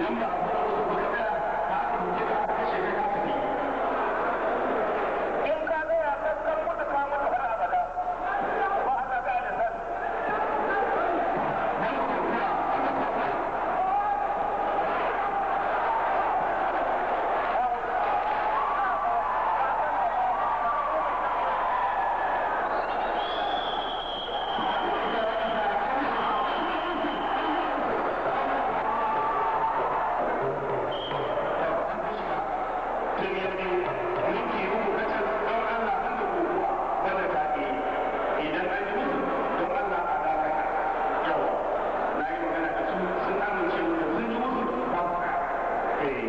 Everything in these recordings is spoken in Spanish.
number of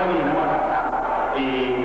y